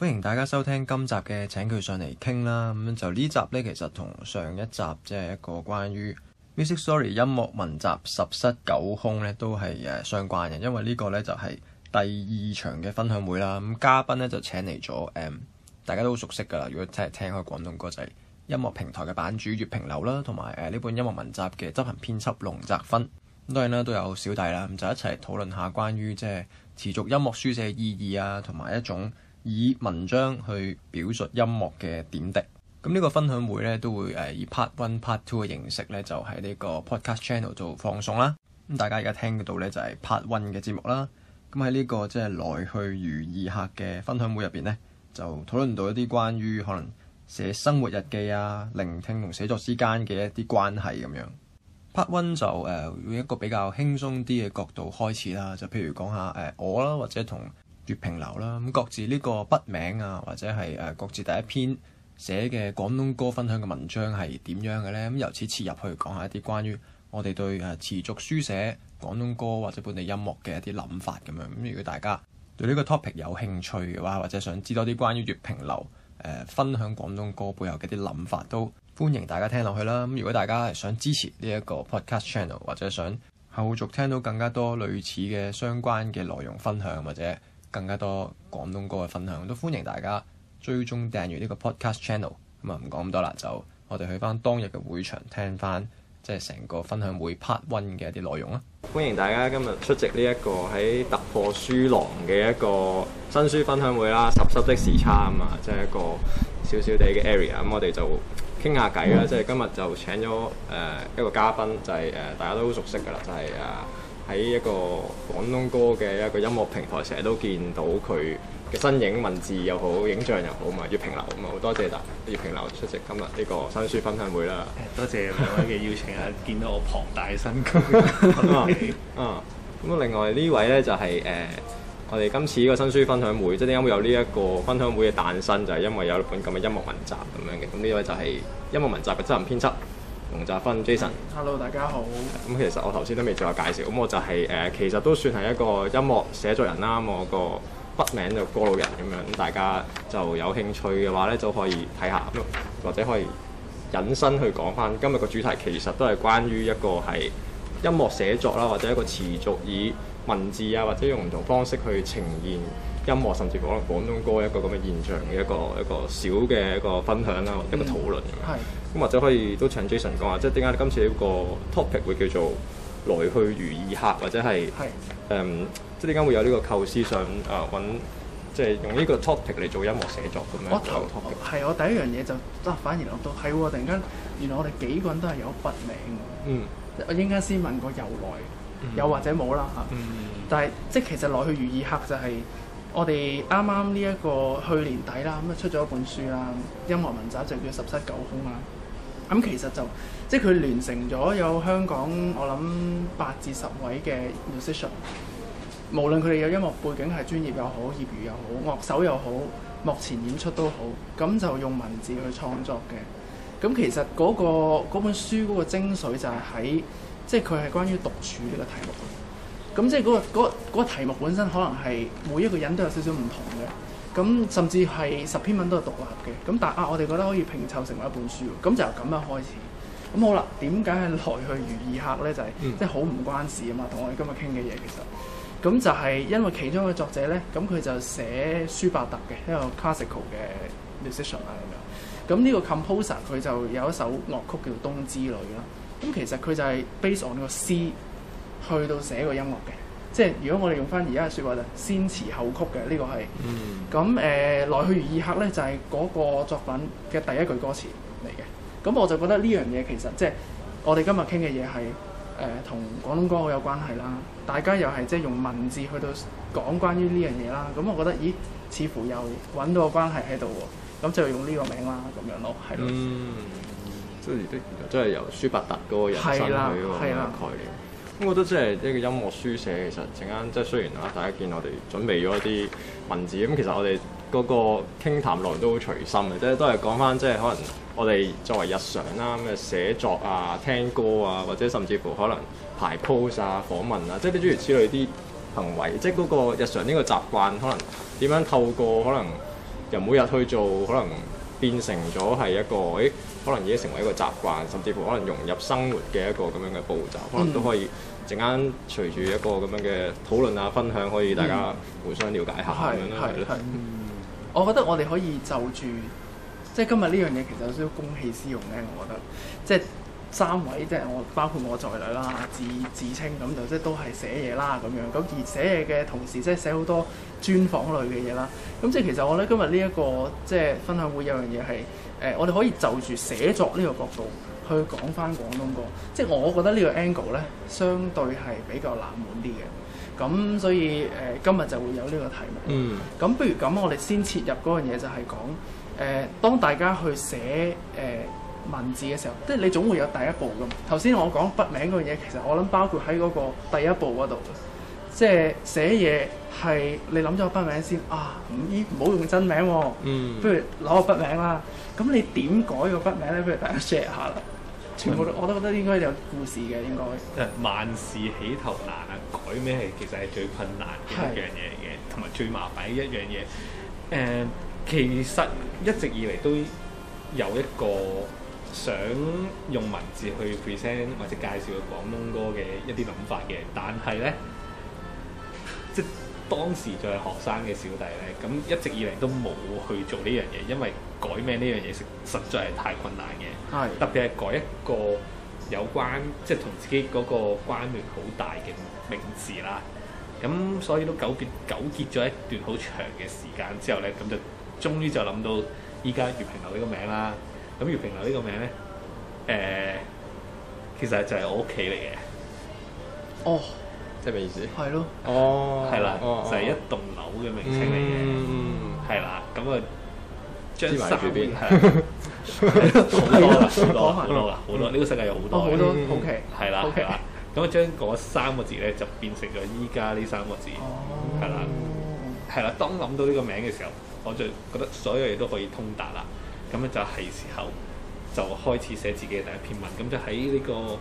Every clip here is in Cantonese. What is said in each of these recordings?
歡迎大家收聽今集嘅請佢上嚟傾啦。咁、嗯、就呢集呢，其實同上一集即係一個關於《Music Story》音樂文集十室久空呢，都係誒相關嘅。因為呢個呢，就係、是、第二場嘅分享會啦。咁、嗯、嘉賓呢，就請嚟咗誒，大家都好熟悉噶啦。如果真係聽開廣東歌仔、就是、音樂平台嘅版主閱評流啦，同埋誒呢本音樂文集嘅執行編輯瀧澤勳。咁、嗯，當然啦，都有小弟啦。咁、嗯、就一齊討論下關於即係持續音樂書寫嘅意義啊，同埋一種。以文章去表述音樂嘅點滴，咁呢個分享會咧都會誒以 part one part two 嘅形式咧，就喺呢個 podcast channel 做放送啦。咁大家而家聽到度咧就係、是、part one 嘅節目啦。咁喺呢個即係、就是、來去如意客來去如異客嘅分享會入邊咧，就討論到一啲關於可能寫生活日記啊、聆聽同寫作之間嘅一啲關係咁樣。part one 就誒、呃、用一個比較輕鬆啲嘅角度開始啦，就譬如講下誒、呃、我啦，或者同。閱評流啦，咁各自呢個筆名啊，或者係誒各自第一篇寫嘅廣東歌分享嘅文章係點樣嘅呢？咁由此切入去講下一啲關於我哋對誒持續書寫廣東歌或者本地音樂嘅一啲諗法咁樣。咁如果大家對呢個 topic 有興趣嘅話，或者想知多啲關於閱評流誒、呃、分享廣東歌背後嘅一啲諗法，都歡迎大家聽落去啦。咁如果大家想支持呢一個 podcast channel，或者想後續聽到更加多類似嘅相關嘅內容分享，或者更加多廣東歌嘅分享，都歡迎大家追蹤訂閱呢個 podcast channel。咁啊，唔講咁多啦，就我哋去翻當日嘅會場聽翻即係成個分享會 part one 嘅一啲內容啦。歡迎大家今日出席呢一個喺突破書廊嘅一個新書分享會啦。濕濕的時差啊嘛，即係一個少少哋嘅 area 聊聊。咁我哋就傾下偈啦。即係今日就請咗誒一個嘉賓，就係誒大家都好熟悉噶啦，就係啊～喺一個廣東歌嘅一個音樂平台，成日都見到佢嘅身影，文字又好，影像又好嘛。閱評流，咁啊，好多謝大家。閱評流出席今日呢個新書分享會啦。多謝兩位嘅邀請啊！見到我龐大嘅身軀啊。咁、嗯、啊，另外呢位呢，就係、是、誒、呃，我哋今次呢個新書分享會，即係點解會有呢一個分享會嘅誕生，就係、是、因為有一本咁嘅音樂文集咁樣嘅。咁呢位就係音樂文集嘅執行編輯。瀧澤勳 Jason，Hello，大家好。咁其實我頭先都未做下介紹，咁我就係、是、誒，其實都算係一個音樂寫作人啦。我個筆名就過路人咁樣，咁大家就有興趣嘅話咧，就可以睇下，或者可以引申去講翻今日個主題。其實都係關於一個係音樂寫作啦，或者一個持續以文字啊，或者用唔同方式去呈現。音樂甚至可能廣東歌一個咁嘅現象，嘅一個一個小嘅一個分享啦，一個討論咁樣。係、嗯。咁或者可以都請 Jason 講下，即係點解今次呢個 topic 會叫做來去如異客，或者係誒是、嗯，即係點解會有呢個構思想啊揾，即係用呢個 topic 嚟做音樂寫作咁樣嘅 topic 係，我第一樣嘢就啊，反而落到係喎，突然間原來我哋幾個人都係有一筆名。嗯。我應該先問過由來，有或者冇啦嚇。嗯。嗯，但係即係其實來去如異客就係、是。我哋啱啱呢一個去年底啦，咁啊出咗一本書啦，音樂文集就叫《十室久空》啦。咁、嗯、其實就即係佢聯成咗有香港，我諗八至十位嘅 musicians，無論佢哋有音樂背景係專業又好、業餘又好、樂手又好、幕前演出都好，咁就用文字去創作嘅。咁、嗯、其實嗰、嗰個本書嗰個精髓就係喺即係佢係關於獨處呢個題目。咁即係嗰個嗰個嗰個題目本身可能係每一個人都有少少唔同嘅，咁甚至係十篇文都係獨立嘅，咁但係啊，我哋覺得可以拼湊成為一本書喎，咁就由咁樣開始，咁好啦，點解係來去如異客咧？就係即係好唔關事啊嘛，同我哋今日傾嘅嘢其實，咁就係因為其中一個作者咧，咁佢就寫舒伯特嘅一個 classical 嘅 musician 啊咁樣，咁呢個 composer 佢就有一首樂曲叫《冬之旅》啦，咁其實佢就係 based on 個詩。去到寫個音樂嘅，即係如果我哋用翻而家嘅説話就先詞後曲嘅，呢、這個係。咁誒、嗯嗯呃、來去如二刻來去如異客咧，就係、是、嗰個作品嘅第一句歌詞嚟嘅。咁、嗯、我就覺得呢樣嘢其實即係我哋今日傾嘅嘢係誒同廣東歌好有關係啦。大家又係即係用文字去到講關於呢樣嘢啦。咁我覺得咦，似乎又揾到個關係喺度喎。咁就用呢個名啦，咁樣咯，係咯。即係都即係由舒伯特嗰個人生去嗰個概念。咁我覺得即係一個音樂書寫，其實陣間即係雖然啊，大家見我哋準備咗一啲文字，咁其實我哋嗰個傾談內容都好隨心嘅，即係都係講翻即係可能我哋作為日常啦，咩寫作啊、聽歌啊，或者甚至乎可能排 pose 啊、訪問啊，即係諸如此類啲行為，即係嗰個日常呢個習慣，可能點樣透過可能由每日去做，可能變成咗係一個。可能已經成為一個習慣，甚至乎可能融入生活嘅一個咁樣嘅步驟，嗯、可能都可以陣間隨住一個咁樣嘅討論啊、分享，可以大家互相了解下咁、嗯、樣咯，係咯 我覺得我哋可以就住，即係今日呢樣嘢其實有少少公器私用咧。我覺得即係三位即係我包括我在內啦，自自稱咁就即係都係寫嘢啦咁樣。咁而寫嘢嘅同時，即係寫好多專訪類嘅嘢啦。咁即係其實我覺得今日呢一個即係分享會有樣嘢係。誒、呃，我哋可以就住寫作呢個角度去講翻廣東歌，即係我覺得呢個 angle 呢，相對係比較冷門啲嘅。咁所以誒、呃，今日就會有呢個題目。嗯。咁不如咁，我哋先切入嗰樣嘢，就係講誒，當大家去寫、呃、文字嘅時候，即係你總會有第一步嘅。頭先我講筆名嗰樣嘢，其實我諗包括喺嗰個第一步嗰度即係寫嘢係你諗咗個筆名先啊！唔唔好用真名喎、哦，嗯、不如攞個筆名啦。咁你點改個筆名咧？不如大家 share 下啦。全部都我都覺得應該有故事嘅，應該。誒、嗯，萬事起頭難，改咩係其實係最困難一樣嘢嘅，同埋是最麻煩一樣嘢。誒、呃，其實一直以嚟都有一個想用文字去 present 或者介紹個廣東歌嘅一啲諗法嘅，但係咧。即當時就係學生嘅小弟咧，咁一直以嚟都冇去做呢樣嘢，因為改名呢樣嘢實在係太困難嘅，係。特別係改一個有關即係同自己嗰個關聯好大嘅名字啦。咁所以都糾結糾結咗一段好長嘅時間之後咧，咁就終於就諗到依家閱評流呢個名啦。咁閱評流呢個名咧，誒、呃、其實就係我屋企嚟嘅。哦。即係咩意思？係咯，哦，係啦，就係一棟樓嘅名稱嚟嘅，係啦，咁啊，將三，好多啦，好多，好多啦，好多，呢個世界有好多好多，OK，係啦，係啦，咁啊將嗰三個字咧就變成咗依家呢三個字，係啦，係啦，當諗到呢個名嘅時候，我就覺得所有嘢都可以通達啦，咁咧就係時候就開始寫自己嘅第一篇文，咁就喺呢個。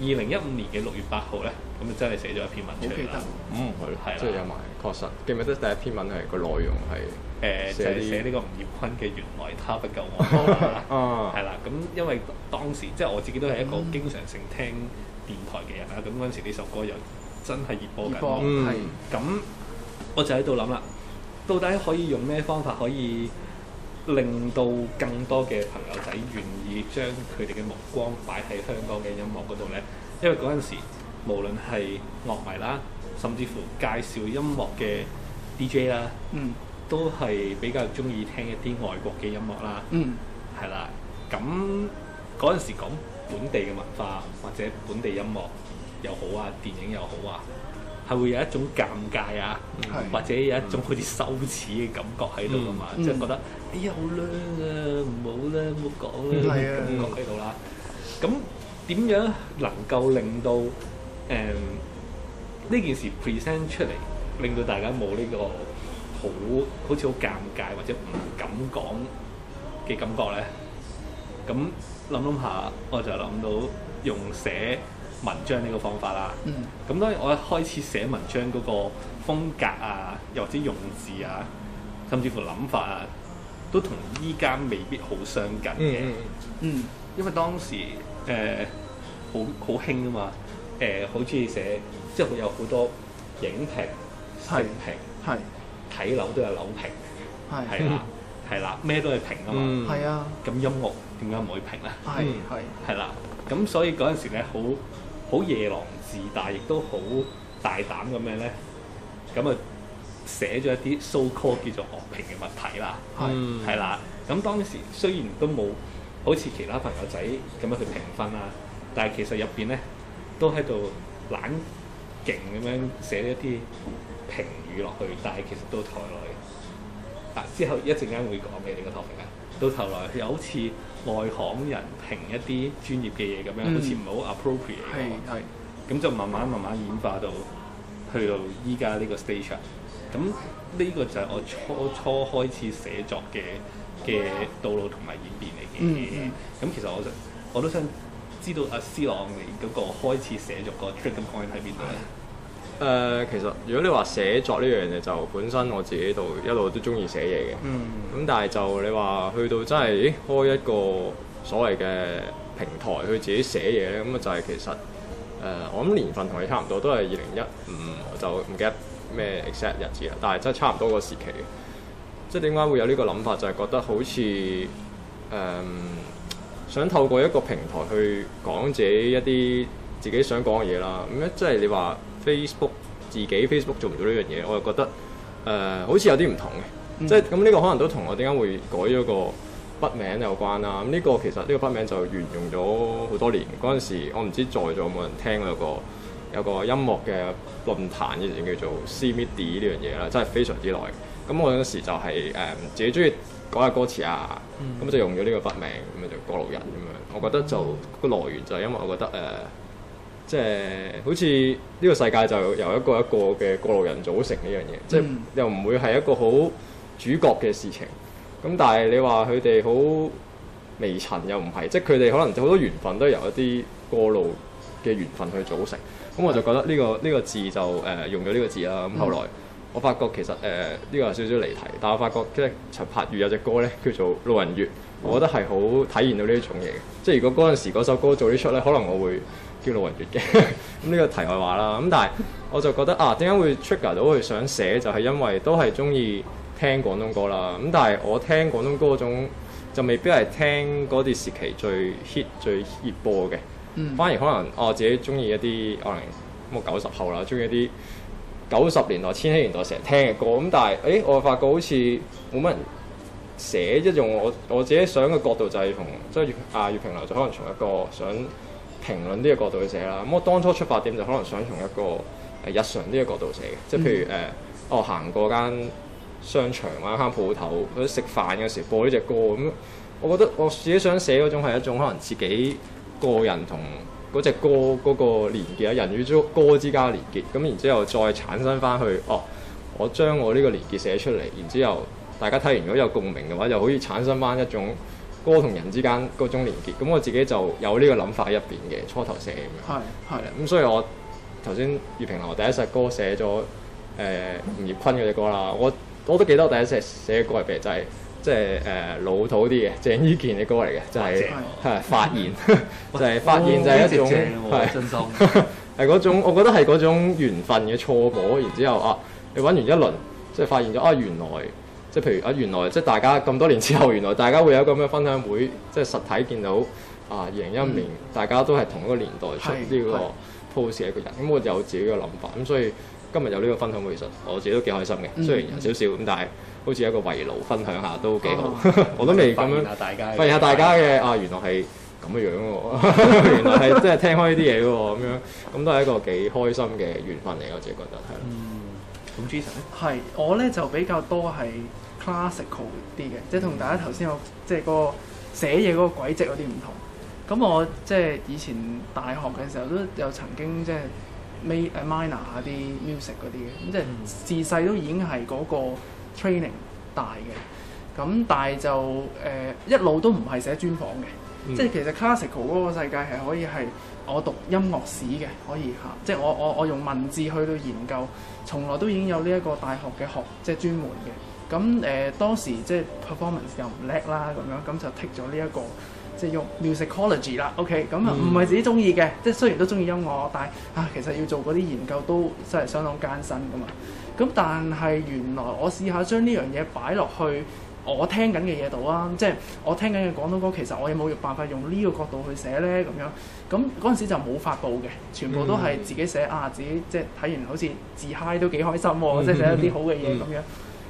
二零一五年嘅六月八號咧，咁就真係寫咗一篇文出嚟啦。嗯，係咯的，係即係有埋，確實記唔記得第一篇文係個內容係、呃、就係、寫寫呢個吳業坤嘅原來他不夠愛我係啦。咁、 啊、因為當時即係我自己都係一個經常性聽電台嘅人啦。咁嗰陣時呢首歌又真係熱播緊，係咁、嗯、的我就喺度諗啦，到底可以用咩方法可以令到更多嘅朋友仔願意將佢哋嘅目光擺喺香港嘅音樂嗰度呢？因為嗰陣時無論係樂迷啦，甚至乎介紹音樂嘅 DJ 啦，嗯，都係比較中意聽一啲外國嘅音樂啦，嗯，係啦。咁嗰陣時講本地嘅文化或者本地音樂又好啊，電影又好啊。係會有一種尷尬啊，嗯、是或者有一種好似羞恥嘅感覺喺度啊嘛，即係、嗯、覺得、嗯、哎呀好嬲啊，唔好啦，唔好講呢啲感覺喺度啦。咁點的樣能夠令到誒呢、嗯、件事 present 出嚟，令到大家冇呢個好好似好尷尬或者唔敢講嘅感覺咧？咁諗諗下，我就諗到用寫。文章呢個方法啦，咁當然我一開始寫文章嗰個風格啊，又或者用字啊，甚至乎諗法啊，都同依家未必好相近嘅。嗯，因為當時誒好好興啊嘛，誒好中意寫，即係會有好多影評、食評、睇樓都有樓評，係啦，係啦，咩都係評啊嘛。係啊。咁音樂點解唔會評咧？係係。係啦，咁所以嗰陣時咧好好夜郎自大，亦都好大膽咁樣咧？咁啊寫咗一啲 so called 叫做樂評嘅物體啦，係啦、嗯。咁當時雖然都冇好似其他朋友仔咁樣去評分啊，但係其實入邊咧都喺度懶勁咁樣寫咗一啲評語落去，但係其實到頭來、啊，之後一陣間會講嘅你個同學，到頭來又好似～外行人評一啲專業嘅嘢，咁樣、嗯、好似唔係好 appropriate。係係，咁就慢慢慢慢演化到去到依家呢個 stage 咁呢個就係我初初開始寫作嘅嘅道路同埋演變嚟嘅。咁、嗯、其實我想，我都想知道阿、啊、師朗你嗰個開始寫作個 trigger point 喺邊度咧？誒、呃，其實如果你話寫作呢樣嘢，就本身我自己度一路都中意寫嘢嘅。咁、嗯、但係就你話去到真係開一個所謂嘅平台去自己寫嘢咧，咁啊就係其實、呃、我諗年份同你差唔多，都係二零一五我就唔記得咩 exact 日子啦。但係真係差唔多個時期即係點解會有呢個諗法？就係、是、覺得好似誒、呃，想透過一個平台去講自己一啲自己想講嘅嘢啦。咁咧即係你話。Facebook 自己 Facebook 做唔到呢樣嘢，我又覺得誒、呃、好似有啲唔同嘅，嗯、即係咁呢個可能都同我點解會改咗個筆名有關啦、啊。咁、嗯、呢、這個其實呢個筆名就沿用咗好多年。嗰陣時我唔知在座有冇人聽，有個有個音樂嘅論壇，以前叫做 C Midi 呢樣嘢啦，真係非常之耐。咁我嗰時就係、是、誒、呃、自己中意改下歌詞啊，咁、嗯嗯、就用咗呢個筆名，咁、嗯、就過路人咁樣。我覺得就、嗯、個來源就係因為我覺得誒。呃即係好似呢個世界就由一個一個嘅過路人組成呢樣嘢，即係又唔會係一個好主角嘅事情。咁但係你話佢哋好微塵又唔係，即係佢哋可能好多緣分都由一啲過路嘅緣分去組成。咁我就覺得呢、呢個呢、呢個字就誒、呃、用咗呢個字啦。咁後來我發覺其實誒呢、呃呢個有少少離題，但我發覺即係陳柏宇有隻歌咧叫做《路人月》，我覺得係好體現到呢種嘢嘅。即係如果嗰陣時嗰首歌做呢出咧，可能我會。叫老人粵嘅，咁呢個題外話啦咁，但係我就覺得啊，點解會 trigger 到佢想寫？就係、是、因為都係中意聽廣東歌啦。咁但係我聽廣東歌嗰種就未必係聽嗰段時期最 hit 最熱播嘅，反而可能、啊、我自己中意一啲可能咁九十後啦，中意一啲九十年代、千禧年代成日聽嘅歌。咁、嗯、但係誒、哎，我發覺好似冇乜人寫，即用我我自己想嘅角度就，就係、是、同，即係亞閱評流，就可能從一個想。評論呢個角度去寫啦。咁我當初出發點就可能想從一個誒日常呢個角度寫嘅，即係譬如誒、嗯啊，我行過間商場啊、間鋪頭，或者食飯嘅時候播呢隻歌咁、嗯。我覺得我自己想寫嗰種係一種可能自己個人同嗰隻歌嗰個連結，人與歌之間嘅連結。咁、嗯、然之後再產生翻去，哦，我將我呢個連結寫出嚟，然之後大家睇完如果有共鳴嘅話，就可以產生翻一種。歌同人之間嗰種連結，咁我自己就有呢個諗法喺入邊嘅，初頭寫咁樣。係咁是是、嗯，所以我頭先閱評流第一首歌寫咗誒、呃、吳業坤嗰隻歌啦，我我都記得我第一隻寫嘅歌嚟嘅就係即係誒老土啲嘅，鄭伊健嘅歌嚟嘅，就係、是、係正正發現就係發現就係一種係嗰種，我覺得係嗰種緣分嘅錯過，然之後啊，你揾完一輪即係、就是、發現咗啊，原來。即係譬如啊，原來即係大家咁多年之後，原來大家會有咁嘅分享會，即係實體見到啊，二零一五年、嗯、大家都係同一個年代出呢個 post 嘅一個人，咁、嗯、我有自己嘅諗法，咁、嗯、所以今日有呢個分享會，其實我自己都幾開心嘅，嗯、雖然有少少，咁但係好似一個圍爐分享下都幾好，啊、 我都未咁樣，發現下大家嘅啊，原來係咁嘅樣喎，嗯、 原來係即係聽開呢啲嘢喎，咁樣咁都係一個幾開心嘅緣分嚟，我自己覺得係。係，我呢就比較多係 classical 啲嘅，即係同大家頭先我，即係個寫嘢嗰個軌跡有啲唔同。咁我即係以前大學嘅時候都有曾經即係 m a y e a minor 啲 music 嗰啲嘅，咁即係自細都已經係嗰個 training 大嘅。咁但係就誒、呃、一路都唔係寫專訪嘅，嗯、即係其實 classical 嗰個世界係可以係我讀音樂史嘅，可以嚇，即係我我我用文字去到研究。從來都已經有呢一個大學嘅學，即係專門嘅。咁誒、呃、當時即係 performance 又唔叻啦，咁樣咁就剔咗呢一個即係用 musicology 啦。OK，咁啊唔係自己中意嘅，即係雖然都中意音樂，但係啊其實要做嗰啲研究都真係相當艱辛噶嘛。咁但係原來我試下將呢樣嘢擺落去。我聽緊嘅嘢度啊，即係我聽緊嘅廣東歌。其實我有冇辦法用呢個角度去寫呢？咁樣咁嗰陣時就冇發布嘅，全部都係自己寫、mm hmm. 啊。自己即係睇完好似自嗨都幾開心喎、啊，mm hmm. 即係寫一啲好嘅嘢咁樣。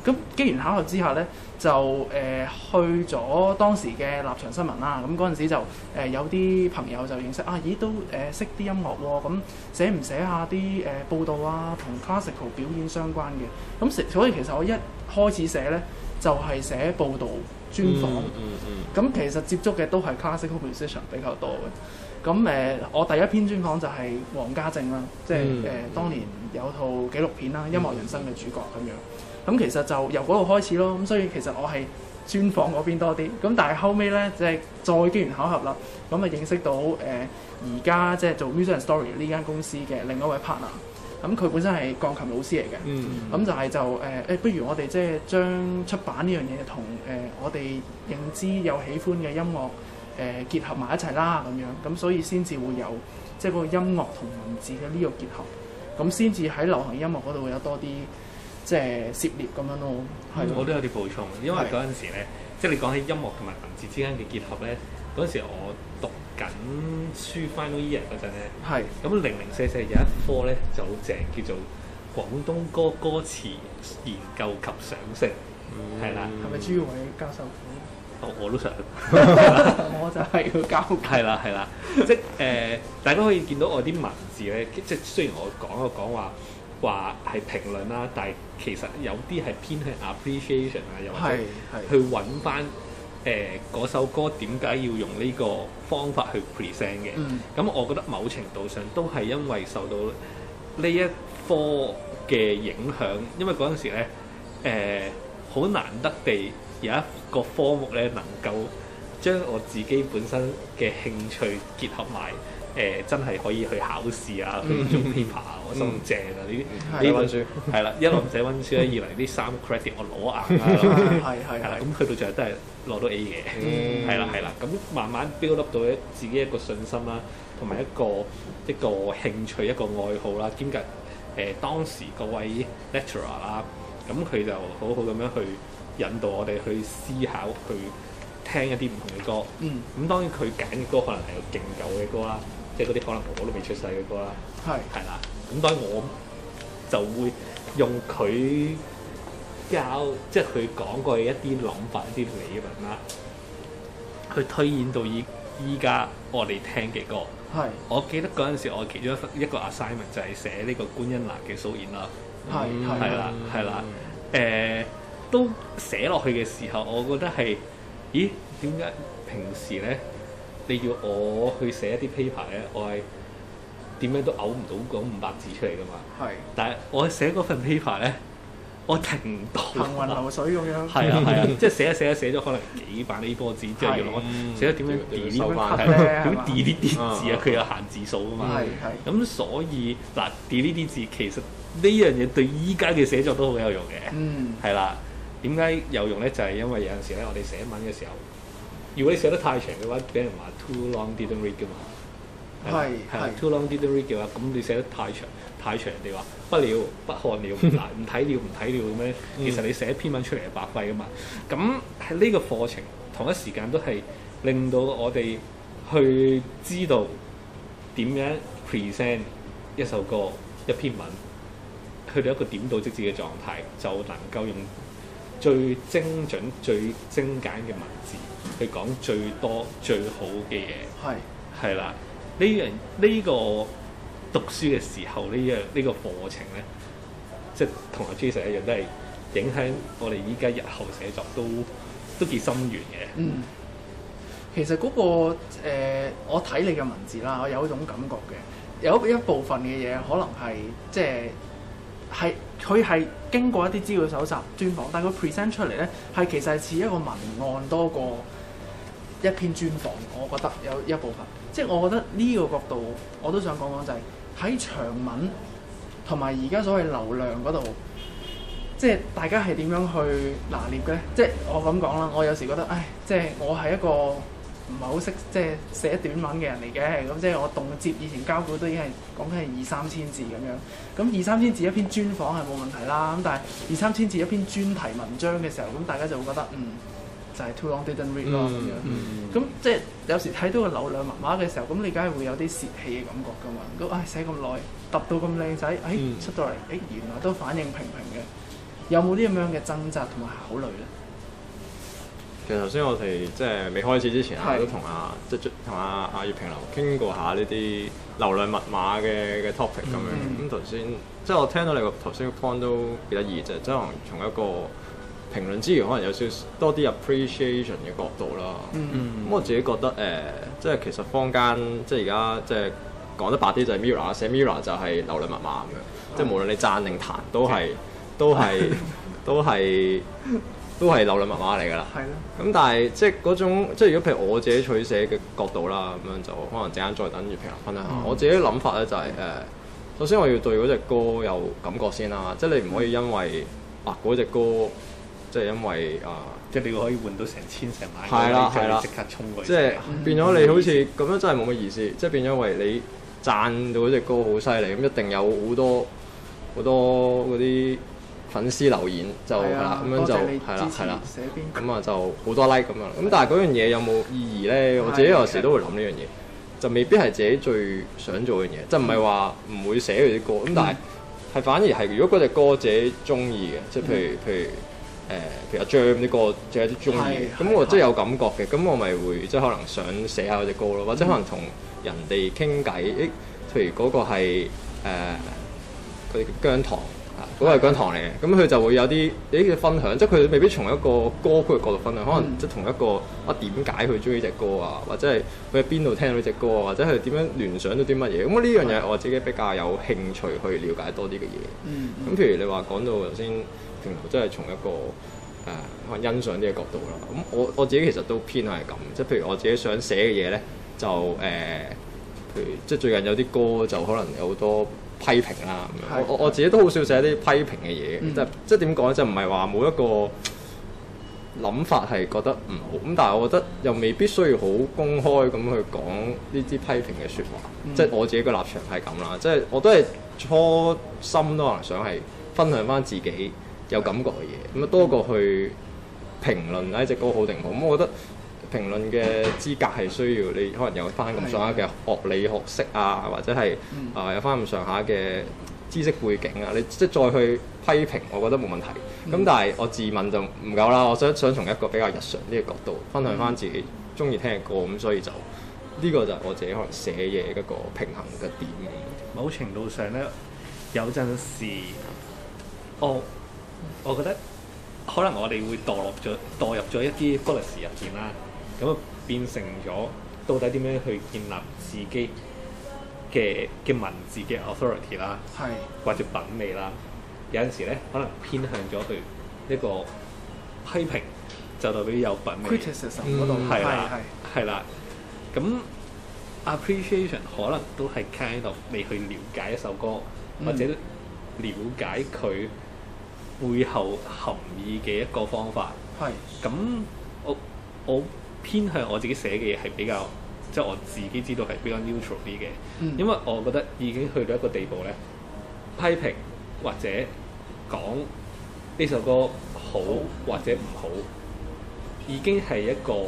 咁機緣巧合考慮之下呢，就誒、呃、去咗當時嘅立場新聞啦、啊。咁嗰陣時就誒、呃、有啲朋友就認識啊，咦都誒、呃、識啲音樂喎、啊。咁、嗯、寫唔寫一下啲誒、呃、報道啊，同 classical 表演相關嘅咁所以其實我一開始寫呢，就係寫報道專訪，咁、嗯嗯嗯、其實接觸嘅都係 classical musician 比較多嘅。咁誒、呃，我第一篇專訪就係黃家正啦，即係誒、嗯呃、當年有套紀錄片啦，嗯《音樂人生》嘅主角咁樣。咁其實就由嗰度開始咯。咁所以其實我係專訪嗰邊多啲。咁但係後尾咧，即係再機緣巧合啦，咁啊認識到誒而家即係做 music and story 呢間公司嘅另一位 partner。咁佢本身係鋼琴老師嚟嘅，咁、嗯、就係就誒誒、呃，不如我哋即係將出版呢樣嘢同誒我哋認知有喜歡嘅音樂誒、呃、結合埋一齊啦，咁樣咁所以先至會有即係、就是、個音樂同文字嘅呢個結合，咁先至喺流行音樂嗰度會有多啲即係涉獵咁樣咯。係、嗯，吧我都有啲補充，因為嗰陣時咧，即係是的 你講起音樂同埋文字之間嘅結合咧，嗰時我緊書 final year 嗰陣咧，係咁是零零碎碎有一科咧就好正，叫做廣東歌歌詞研究及賞識，係啦、嗯。係咪朱偉教授講？我我都想，我就係要交。係啦係啦，即係誒， 大家可以見到我啲文字咧， 即係雖然我講一講,講話話係評論啦，但係其實有啲係偏向 appreciation 啊， 又係去揾翻。誒嗰、呃、首歌點解要用呢個方法去 present 嘅？咁、嗯、我覺得某程度上都係因為受到呢一科嘅影響，因為嗰陣時咧好、呃、難得地有一個科目呢，能夠將我自己本身嘅興趣結合埋。誒真係可以去考試啊，去做 paper，我心正啊！呢啲呢本書係啦，一來唔使温書啦，二嚟呢三 credit 我攞硬啦，係係，咁去到最後都係攞到 A 嘅，係啦係啦，咁慢慢 build up 到自己一個信心啦，同埋一個一個興趣一個愛好啦，兼夾誒當時嗰位 lecturer 啦，咁佢就好好咁樣去引導我哋去思考，去聽一啲唔同嘅歌，咁當然佢揀嘅歌可能係勁舊嘅歌啦。即係嗰啲可能婆婆都未出世嘅歌啦，係係啦，咁當我就會用佢教，即係佢講過嘅一啲諗法、一啲理論啦，去推演到依依家我哋聽嘅歌。係是，我記得嗰陣時我其中一一個 assignment 就係寫呢個《觀音欄》嘅素演啦。係係啦係啦，誒、呃、都寫落去嘅時候，我覺得係，咦點解平時咧？你要我去寫一啲 paper 咧，我係點樣都嘔唔到嗰五百字出嚟噶嘛？係。但係我寫嗰份 paper 咧，我停唔到。行雲流水咁樣。係啊係啊，即係寫一寫啊寫咗可能幾百呢波字之後，我寫到點樣 delete 翻咧？點 delete 啲字啊？佢有限字數噶嘛？係。咁所以嗱，delete 啲字其實呢樣嘢對依家嘅寫作都好有用嘅。嗯。係啦，點解有用咧？就係因為有陣時咧，我哋寫文嘅時候。如果你寫得太長嘅話，俾人話 too long didn't read 㗎嘛，係係是 too long didn't read 嘅話，咁是你寫得太長太長，人哋話不了不看了，唔睇了唔睇了嘅咩？其實你寫一篇文出嚟係白費㗎嘛。咁喺呢個課程同一時間都係令到我哋去知道點樣 present 一首歌一篇文，去到一個點到即止嘅狀態，就能夠用。最精準、最精簡嘅文字，去講最多、最好嘅嘢。係係啦，呢樣呢個讀書嘅時候，呢樣呢個課程咧，即係同阿朱先生一樣，都係影響我哋依家日後寫作都都幾深遠嘅。嗯，其實嗰個，呃，我睇你嘅文字啦，我有一種感覺嘅，有一部分嘅嘢可能係即係。係，佢係經過一啲資料搜集專訪，但係佢 present 出嚟呢，係其實係似一個文案多過一篇專訪，我覺得有一部分。即係我覺得呢個角度，我都想講講就係、是、喺長文同埋而家所謂流量嗰度，即係大家係點樣去拿捏嘅呢？即係我咁講啦，我有時覺得，唉，即係我係一個。唔係好識即係寫短文嘅人嚟嘅，咁即係我動接以前交稿都已經係講緊係二三千字咁樣。咁二三千字一篇專訪係冇問題啦。咁但係二三千字一篇專題文章嘅時候，咁大家就會覺得嗯就係、是、too long didn't read 咯咁樣。咁即係有時睇到個流量麻麻嘅時候，咁你梗係會有啲泄氣嘅感覺噶嘛。咁唉、哎、寫咁耐揼到咁靚仔，唉、哎、出到嚟唉原來都反應平平嘅，有冇啲咁樣嘅掙扎同埋考慮咧？其實頭先我哋即係未開始之前啊，都同阿即係同阿阿閱評流傾過下呢啲流量密碼嘅嘅 topic 咁樣。咁頭先即係我聽到你個頭先個 point 都幾得意，就即係可能從一個評論之餘，可能有少少多啲 appreciation 嘅角度啦。咁我自己覺得誒，即係其實坊間即係而家即係講得白啲就係 mirror 啦，寫 mirror 就係流量密碼咁樣。即係無論你贊定彈都係都係都係都係流量密碼嚟㗎啦。係咯是的、嗯。咁但係即係嗰種，即係如果譬如我自己取捨嘅角度啦，咁樣就可能陣間再等住平日分享下啦。嗯、我自己諗法咧就係、是、誒、呃，首先我要對嗰隻歌有感覺先啦。即係你唔可以因為、嗯、啊嗰隻歌，即係因為啊，呃、即係你可以換到成千成萬，係啦係啦，即刻衝即係變咗你好似咁樣真係冇乜意思。嗯、即係變咗，因為你讚到嗰隻歌好犀利，咁一定有好多好多嗰啲。粉絲留言就係啦，咁樣就係啦，寫邊，咁啊就好多 like 咁樣。咁但係嗰樣嘢有冇意義咧？我自己有時都會諗呢樣嘢，就未必係自己最想做嘅嘢，就唔係話唔會寫佢啲歌。咁但係係反而係，如果嗰隻歌自己中意嘅，即係譬如譬如誒，譬如阿張啲歌自己中意，咁我即係有感覺嘅，咁我咪會即係可能想寫下嗰隻歌咯，或者可能同人哋傾偈。誒，譬如嗰個係誒佢叫姜糖。嗰係講堂嚟嘅，咁佢就會有啲誒分享，即係佢未必從一個歌曲嘅角度分享，可能即係同一個啊點解佢中意呢隻歌啊，或者係佢喺邊度聽到呢隻歌啊，或者係點樣聯想到啲乜嘢？咁呢樣嘢我自己比較有興趣去了解多啲嘅嘢。咁、嗯嗯、譬如你話講到頭先，平時真係從一個誒可能欣賞啲嘅角度啦。咁我我自己其實都偏向係咁，即係譬如我自己想寫嘅嘢咧，就誒、呃，譬如即係最近有啲歌就可能有好多。批評啦，咁樣的我我自己都好少寫啲批評嘅嘢、嗯，即即點講咧，就唔係話冇一個諗法係覺得唔好，咁但係我覺得又未必需要好公開咁去講呢啲批評嘅説話，嗯、即係我自己嘅立場係咁啦，即係我都係初心都可能想係分享翻自己有感覺嘅嘢，咁啊多過去評論啊一隻歌好定唔好，咁我覺得，評論嘅資格係需要你可能有翻咁上下嘅學理是的 學識啊，或者係啊、嗯呃、有翻咁上下嘅知識背景啊，你即係再去批評，我覺得冇問題。咁、嗯、但係我自問就唔夠啦。我想想從一個比較日常啲嘅角度分享翻自己中意聽嘅歌咁，嗯、所以就呢、這個就係我自己可能寫嘢一個平衡嘅點。某程度上咧，有陣時我、哦、我覺得可能我哋會墮落咗墮入咗一啲玻璃時入邊啦。咁變成咗，到底點樣去建立自己嘅嘅文字嘅 authority 啦是，或者品味啦？有陣時咧，可能偏向咗去一個批評，就代表有品味。criticism 嗰度係、mm, 嗯、啦，係啦。咁的 appreciation 可能都係 kind of 你去了解一首歌，嗯、或者了解佢背後含義嘅一個方法。係咁的，我我。我偏向我自己寫嘅嘢係比較即係、就是、我自己知道係比較 neutral 啲嘅，嗯、因為我覺得已經去到一個地步咧，批評或者講呢首歌好或者唔好，嗯、已經係一個誒，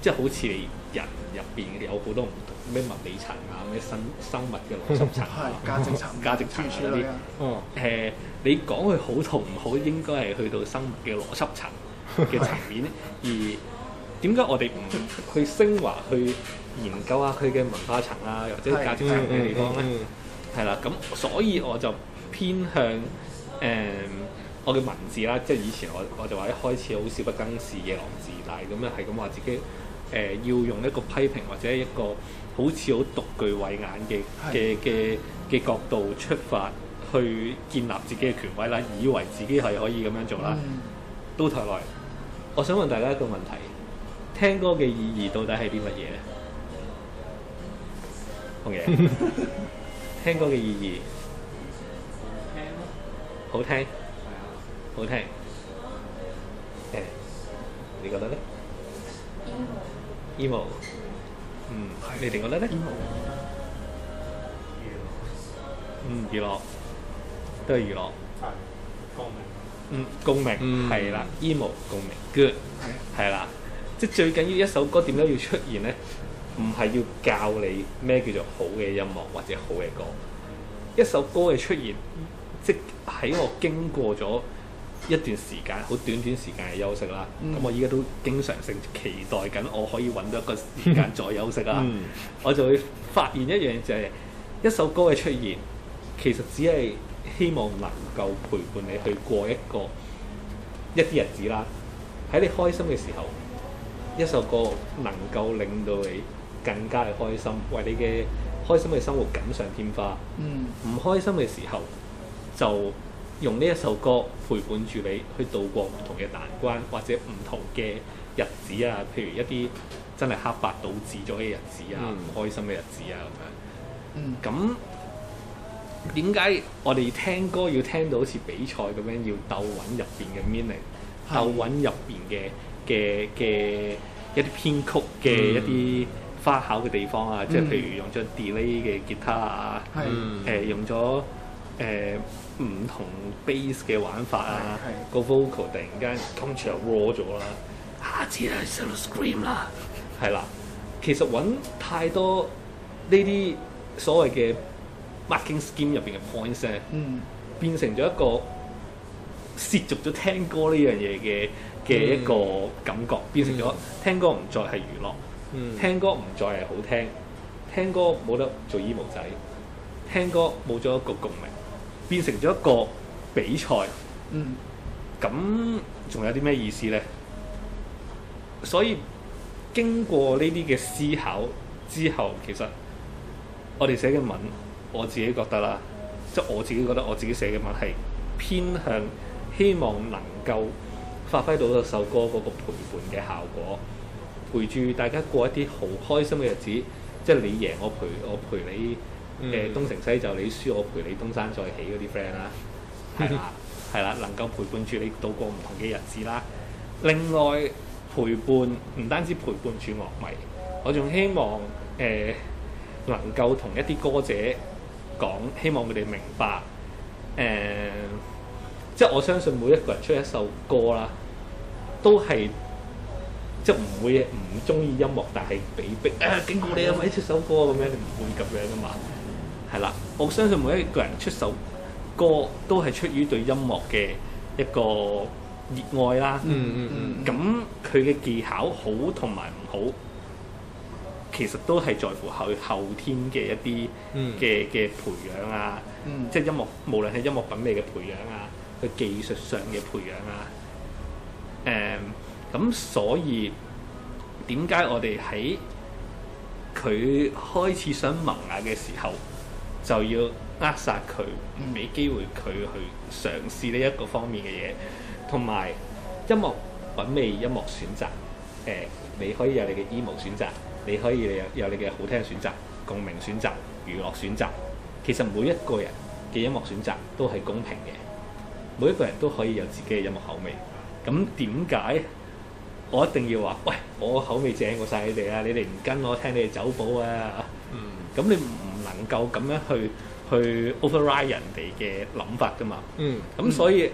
即係好似你人入邊有好多唔同咩物理層啊，咩生生物嘅邏輯層，價值層、價值層嗰啲。哦，誒，你講佢好同唔好，應該係去到生物嘅邏輯層。嘅 S 2: 層面，而點解我哋唔去升華、去研究下佢嘅文化層啊，或者價值層嘅地方咧？係啦、嗯，咁、嗯、所以我就偏向誒、嗯、我嘅文字啦，即係以前我我就話一開始好少不更事嘅夜郎自大咁樣係咁話自己誒、呃、要用一個批評或者一個好似好獨具慧眼嘅嘅嘅嘅角度出發去建立自己嘅權威啦，以為自己係可以咁樣做啦，到頭來。我想問大家一個問題：聽歌嘅意義到底係啲乜嘢？紅嘢， 聽歌嘅意義， 好聽， 好聽， 你覺得呢？emo 你哋覺得呢？娛 樂， 樂，嗯，娛樂，都係娛樂。 樂嗯，共鳴係啦，emo 共鳴，good 係啦、嗯，即係最緊要一首歌點解要出現呢？唔係要教你咩叫做好嘅音樂或者好嘅歌。一首歌嘅出現，即喺我經過咗一段時間，好短短時間嘅休息啦。咁、嗯、我依家都經常性期待緊，我可以揾到一個時間再休息啦。嗯、我就會發現一樣嘢就係、是，一首歌嘅出現，其實只係。希望能夠陪伴你去過一個一啲日子啦，喺你開心嘅時候，一首歌能夠令到你更加嘅開心，為你嘅開心嘅生活錦上添花。嗯，唔開心嘅時候，就用呢一首歌陪伴住你去度過唔同嘅難關或者唔同嘅日子啊，譬如一啲真係黑白倒置咗嘅日子啊，嗯，唔開心嘅日子啊咁樣。嗯，咁。點解我哋聽歌要聽到好似比賽咁樣，要鬥揾入邊嘅 melody，鬥揾入邊嘅嘅嘅一啲編曲嘅、嗯、一啲花巧嘅地方啊？即係譬如用咗 delay 嘅吉他啊，誒、嗯嗯呃、用咗誒唔同 bass 嘅玩法啊，個 vocal 突然間今次又 raw 咗啦，下次係 scream 啦。係啦，其實揾太多呢啲所謂嘅 marking scheme 入邊嘅 point 咧，變成咗一個涉足咗聽歌呢樣嘢嘅嘅一個感覺，嗯、變成咗、嗯、聽歌唔再係娛樂，嗯、聽歌唔再係好聽，聽歌冇得做衣帽仔，聽歌冇咗一個共鳴，變成咗一個比賽。咁仲、嗯、有啲咩意思呢？所以經過呢啲嘅思考之後，其實我哋寫嘅文。我自己覺得啦，即、就、係、是、我自己覺得我自己寫嘅文係偏向希望能夠發揮到首歌嗰個陪伴嘅效果，陪住大家過一啲好開心嘅日子。即係你贏我陪，我陪你嘅、嗯、東成西就，你輸我陪你東山再起嗰啲 friend 啦，係啦、啊，係啦、 啊，能夠陪伴住你度過唔同嘅日子啦。另外陪伴唔單止陪伴住樂迷，我仲希望誒、呃、能夠同一啲歌者。講希望佢哋明白，誒、呃，即係我相信每一個人出一首歌啦，都係即係唔會唔中意音樂，但係被逼啊經過你啊咪、嗯、出首歌咁樣，你唔會咁樣㗎嘛。係啦，我相信每一個人出首歌都係出於對音樂嘅一個熱愛啦。嗯嗯嗯。咁佢嘅技巧好同埋唔好，.其實都係在乎後後天嘅一啲嘅嘅培養啊，嗯、即係音樂，無論係音樂品味嘅培養啊，佢技術上嘅培養啊，誒、嗯，咁所以點解我哋喺佢開始想萌芽嘅時候，就要扼殺佢，唔俾機會佢去嘗試呢一個方面嘅嘢，同埋音樂品味、音樂選擇，誒、嗯，你可以有你嘅依無選擇。你可以有你嘅好聽選擇、共鳴選擇、娛樂選擇。其實每一個人嘅音樂選擇都係公平嘅，每一個人都可以有自己嘅音樂口味。咁點解我一定要話喂，我口味正過晒你哋啊？你哋唔跟我聽，你哋走步啊？咁、嗯、你唔能夠咁樣去去 override 人哋嘅諗法噶嘛？嗯。咁所以、嗯、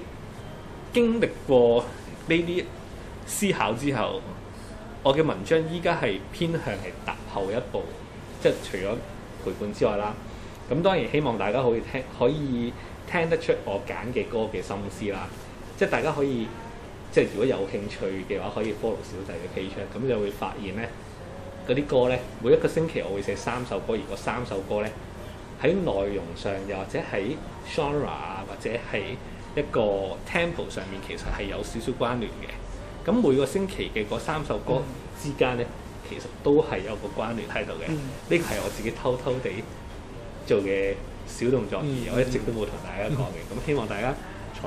經歷過呢啲思考之後。我嘅文章依家係偏向係踏後一步，即係除咗陪伴之外啦。咁當然希望大家可以聽可以聽得出我揀嘅歌嘅心思啦。即係大家可以，即係如果有興趣嘅話可以 follow 小弟嘅 page，咁你會發現咧，嗰啲歌咧，每一個星期我會寫三首歌，而嗰三首歌咧，喺內容上又或者喺 genre 啊，或者係一個 tempo 上面，其實係有少少關聯嘅。咁每個星期嘅嗰三首歌之間咧，其實都係有個關聯喺度嘅。呢個係我自己偷偷地做嘅小動作，嗯、而我一直都冇同大家講嘅。咁、嗯、希望大家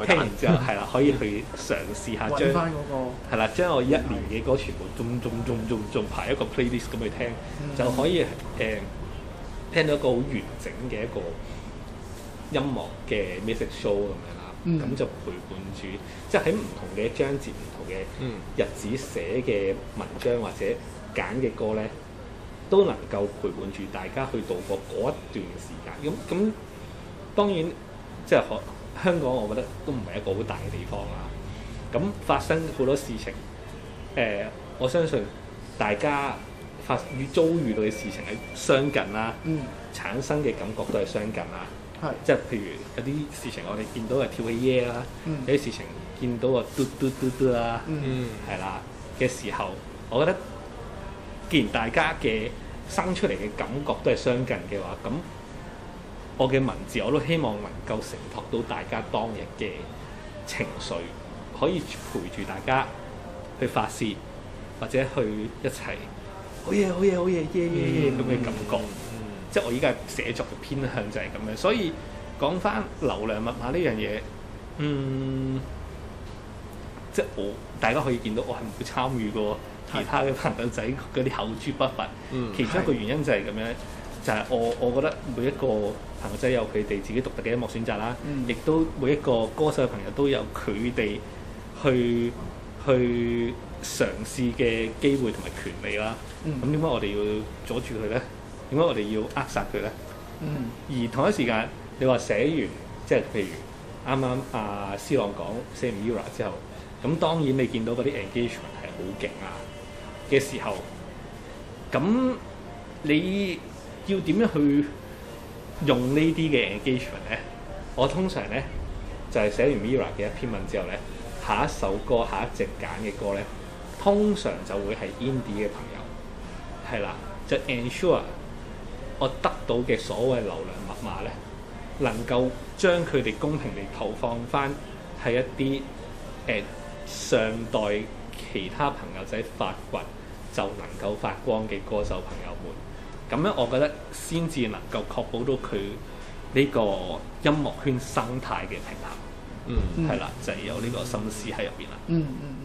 聽完之後係啦， 可以去嘗試下將，翻嗰、嗰個係啦，將我一年嘅歌全部仲仲仲仲仲排一個 playlist 咁去聽，嗯、就可以誒、uh, 聽到一個好完整嘅一個音樂嘅 music show 咁樣啦。咁就陪伴住，即係唔同嘅章節、唔同嘅日子寫嘅文章或者揀嘅歌咧，都能夠陪伴住大家去度過嗰一段時間。咁咁當然即係可香港，我覺得都唔係一個好大嘅地方啊。咁發生好多事情，誒、呃，我相信大家發與遭遇到嘅事情係相近啦、啊，嗯、產生嘅感覺都係相近啦、啊。係，即係譬如有啲事情我哋見到係跳起耶啦，嗯、有啲事情見到啊嘟嘟嘟嘟嘟嘟啦，係啦嘅時候，我覺得既然大家嘅生出嚟嘅感覺都係相近嘅話，咁我嘅文字我都希望能夠承托到大家當日嘅情緒，可以陪住大家去發泄，或者去一齊好嘢好嘢好嘢耶耶耶咁嘅感覺。即係我依家寫作嘅偏向就係咁樣，所以講翻流量密碼呢樣嘢，嗯，即係我大家可以見到我係冇參與過其他嘅朋友仔嗰啲口誅筆伐。嗯，其中一個原因就係咁樣，嗯，就係我我覺得每一個朋友仔有佢哋自己獨特嘅音樂選擇啦，亦、嗯，都每一個歌手嘅朋友都有佢哋去去嘗試嘅機會同埋權利啦。嗯。咁點解我哋要阻住佢咧？點解我哋要扼殺佢咧？嗯、而同一時間，你話寫完即係譬如啱啱阿斯朗講寫完 Mirror 之後，咁當然你見到嗰啲 engagement 係好勁啊嘅時候，咁你要點樣去用呢啲嘅 engagement 咧？我通常咧就係、是、寫完 Mirror 嘅一篇文之後咧，下一首歌、下一隻揀嘅歌咧，通常就會係 indie 嘅朋友係啦，就 Ensure。我得到嘅所謂流量密碼咧，能夠將佢哋公平地投放返喺一啲誒、呃、上代其他朋友仔發掘，就能夠發光嘅歌手朋友們。咁樣，我覺得先至能夠確保到佢呢個音樂圈生態嘅平衡。嗯，係啦，就係、是、有呢個心思喺入邊啦。嗯嗯。